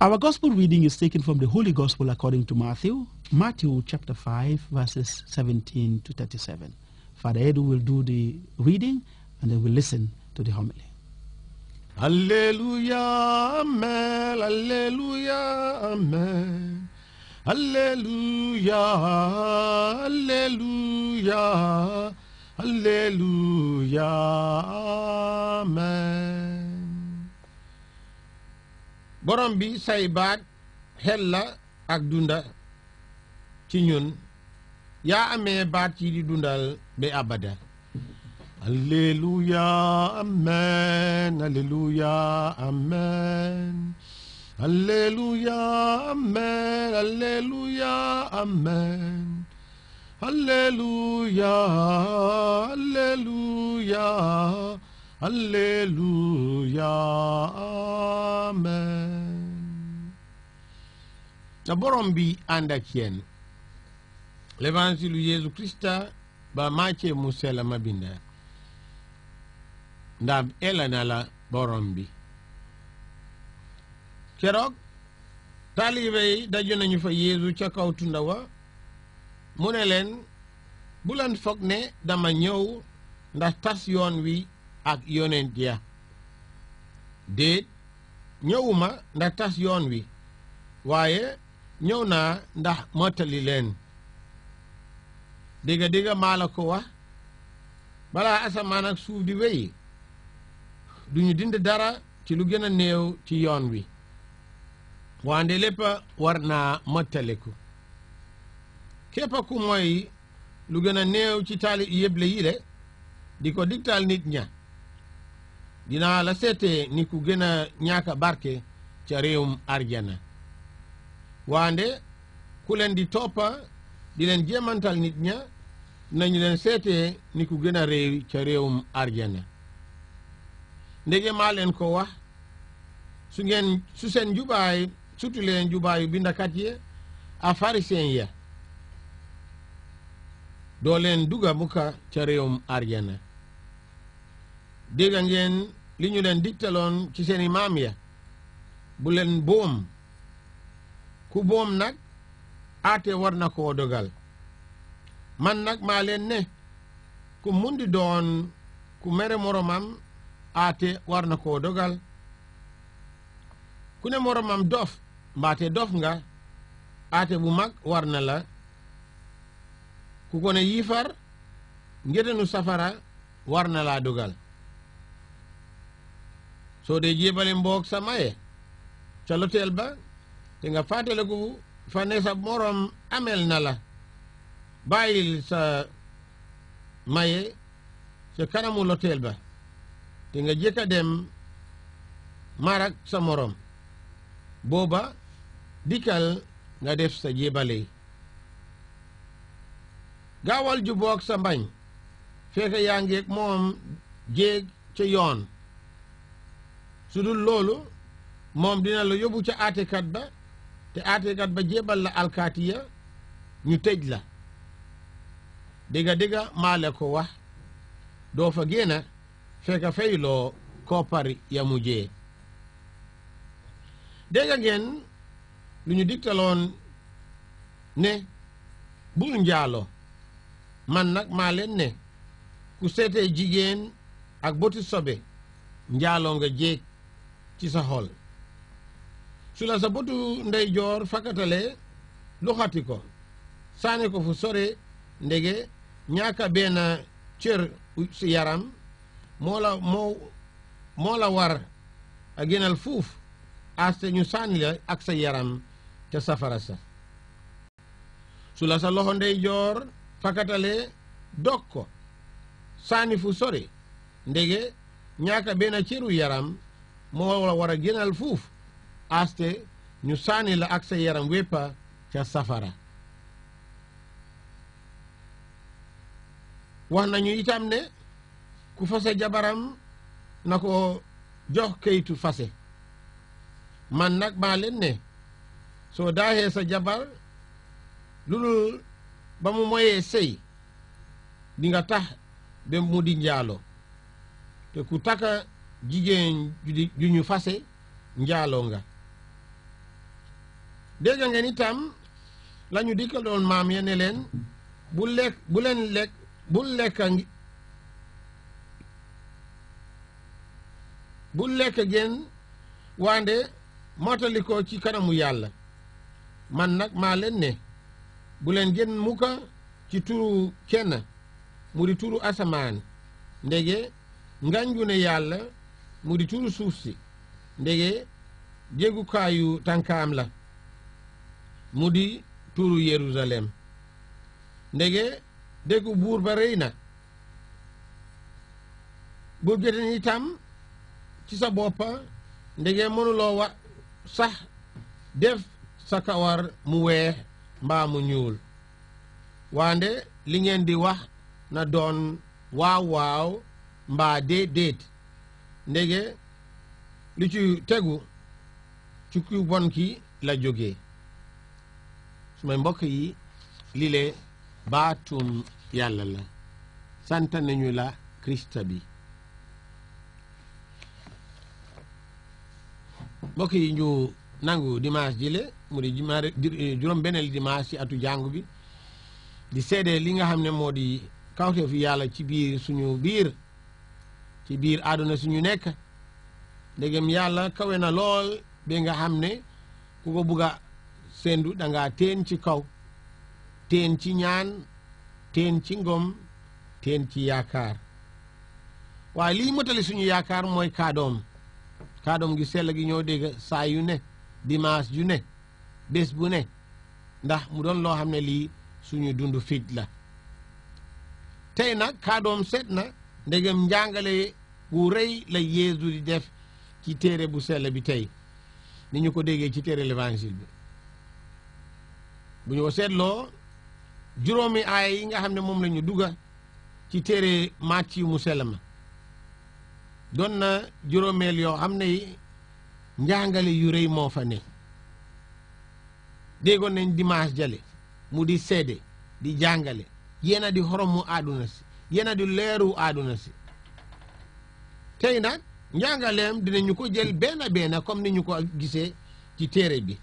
Our gospel reading is taken from the Holy Gospel according to Matthew, Matthew chapter 5, verses 17 to 37. Father Edu will do the reading and then we'll listen to the homily. Alleluia, Amen, Alleluia, Amen. Alleluia, alleluia. Hallelujah. Amen. borom bi say baat xel la ak dunda ci ñun yaa amee baat di dundal abada Hallelujah. Amen. Hallelujah. Amen. Hallelujah. Amen. Hallelujah. Amen. Alléluia, Alléluia, Alléluia, Amen. te borom bi ànd ak yéen. l'évangile Yeesu Krista ba Maacee mu sell ma binda ndax ela na borom bi. keroog taalibe yi nañu fa Yeesu ca kaw tunda mu ne leen bu leen foog ne dama ñëw ndax tas yoon wi ak yonent ya déet ñëwuma ndax tas yoon wi waaye ñëw naa ndax mottali leen dégga dégga maa ko wax balaa asamaan suuf di wéy duñu dind dara ci lu gën a néew ci yoon wi wande lépp war naa mottaliku képp ku moy lu gën a néew ci taali yëble yi de di ko digtaal nit ña dinaa la seete ni ku gën ñaaka barke ca réewum arjana waande ku leen di toppa di leen jéemantal nit ña nañu leen seete ni ku gën a réew ca réewum arjana ndege leen ko wax su ngeen su seen jubaay sutu leen jubaayu bindakat ye a pharisien ya dooleen leen dugga mukka ca réewum arjana dégg ngeen li ñu leen digtaloon ci seeni maam ya bu boom ku boom nag aate war na koo dogal man nag maa leen ne ku mun doon ku mere moromam aate war na koo dogal ku ne moromam doof mbaate dof nga aate bu mag war na la ku ko ne yiifar ngetenu safara war na laa dugal soo dee jébale mboog sa maye ca loteel ba te nga fàttaliku fa ne sa moroom amel na la bàyyil sa maye ca kanamu loteel ba te nga jëkk a dem marag sa moroom booba dikkal nga def sa jébale gaawal jubook sa mbañ fekk yaa ngeeg moom jéeg ca yoon su dul loolu moom dina la yóbbu ca aatekat ba te aatekat ba jébal la alkaati ya ñu tëj la digga digga maale ko wax doo fa génn fekk fayloo koppar ya mu jee dégg ngeen lu ñu digtaloon ne bul njaalo man nag maaleen ne ku seetee jigéen ak boti sobe njaaloo nga jéeg ci sa xol su la sa botu ndeyjoor fakatale luxati ko saani ko fu sore ndege ñaaka benn cër si yaram moo la war a gënal fuuf aste ñu saani la ak sa yaram ca safara sa su la sa loxo ndeyjoor fakatalee dog ko saani fu sori ndege ñaaka benn cëru yaram moo la war a gënal fuuf aste ñu saani la ak sa yaram wéppa ca safara wax nañu itam ne ku fase jabaram na ko jox kayitu fase man nag maa leen ne soo daaxee sa jabar lu dul ba mu moyee sëy dinga tax ba mu di njaalo te ku takka jigéen ju ñu fase njaalo nga dégg ngeen itam la ñu maam ya ne leen bu lekk bu lekk bu ngeen waande mootali ko ci kanamu yàlla man nag maa leen ne bu leen génn mukk ci turu kenn mu di turu asamaan ndege nganju yàlla mu di turu suuf si ndege jégukaayu tànkaam la mu di turu Yerusalem ndege déggu buur ba rëy na bu joteen itam ci sa boppa ndege mënuloo wa sax def sa kawar mu weex mbaa mu ñuul waande li ngeen di wax na doon waaw waaw mbaa déet déet ndege lu ci tegu ci ku bon ki la jóge su may mbokk yi lile baatum yàlla la sant nañu la krista bi mbokk yi ñu nangu dimanche ji le mu di jumaare eh, juróom-beneel dimanche ci atu jàngu bi di seede li nga xam ne moo di kawteefu yàlla ci biir suñu biir ci biir àdduna suñu nekk ndegem yàlla kawe na lool bi nga xam ne ku ko bugg a séendu da ngaa teen ci kaw teen ci ñaan teen ci ngom teen ci yaakaar waaye liy motali suñu yaakaar mooy kaadoom kaadoom gi sell gi ñëw dégg saa yu ne dimanche ju ne bés bu ne ndax mu doon loo xam ne lii suñu dundu fit la tey nag kaadoom seet na ndegem njàngale gu rëy la Yeesu di def ci téere bu sell bi tey ni ñu ko déggee ci téere l'évangile bi bu ñu ko seetloo juróomi aaya yi nga xam ne moom la ñu dugga ci téere Màcc mu sele ma doon na juróomeel yoo xam ne njàngale yu rëy moo fa ne déggoon nañ dimanche jale mu di seede di jàngale yéena di xoromu àdduna si yéena di leeru àdduna si tey nag njàngaleem dinañu ko jël benn benn comme ni ñu ko gisee ci téere bi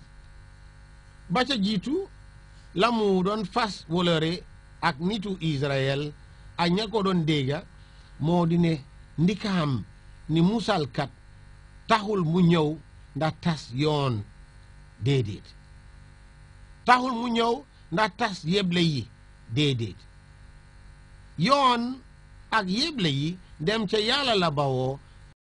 ba ca jiitu la mu doon fas wolore ak nitu Israël ak ña ko doon dégga moo di ndikaam ni musalkat taxul mu ñëw ndax tas yoon déedéet taxul mu ñëw ndax tas yeble yi déedéet yoon ak yeble yi dem ca yàlla la bawoo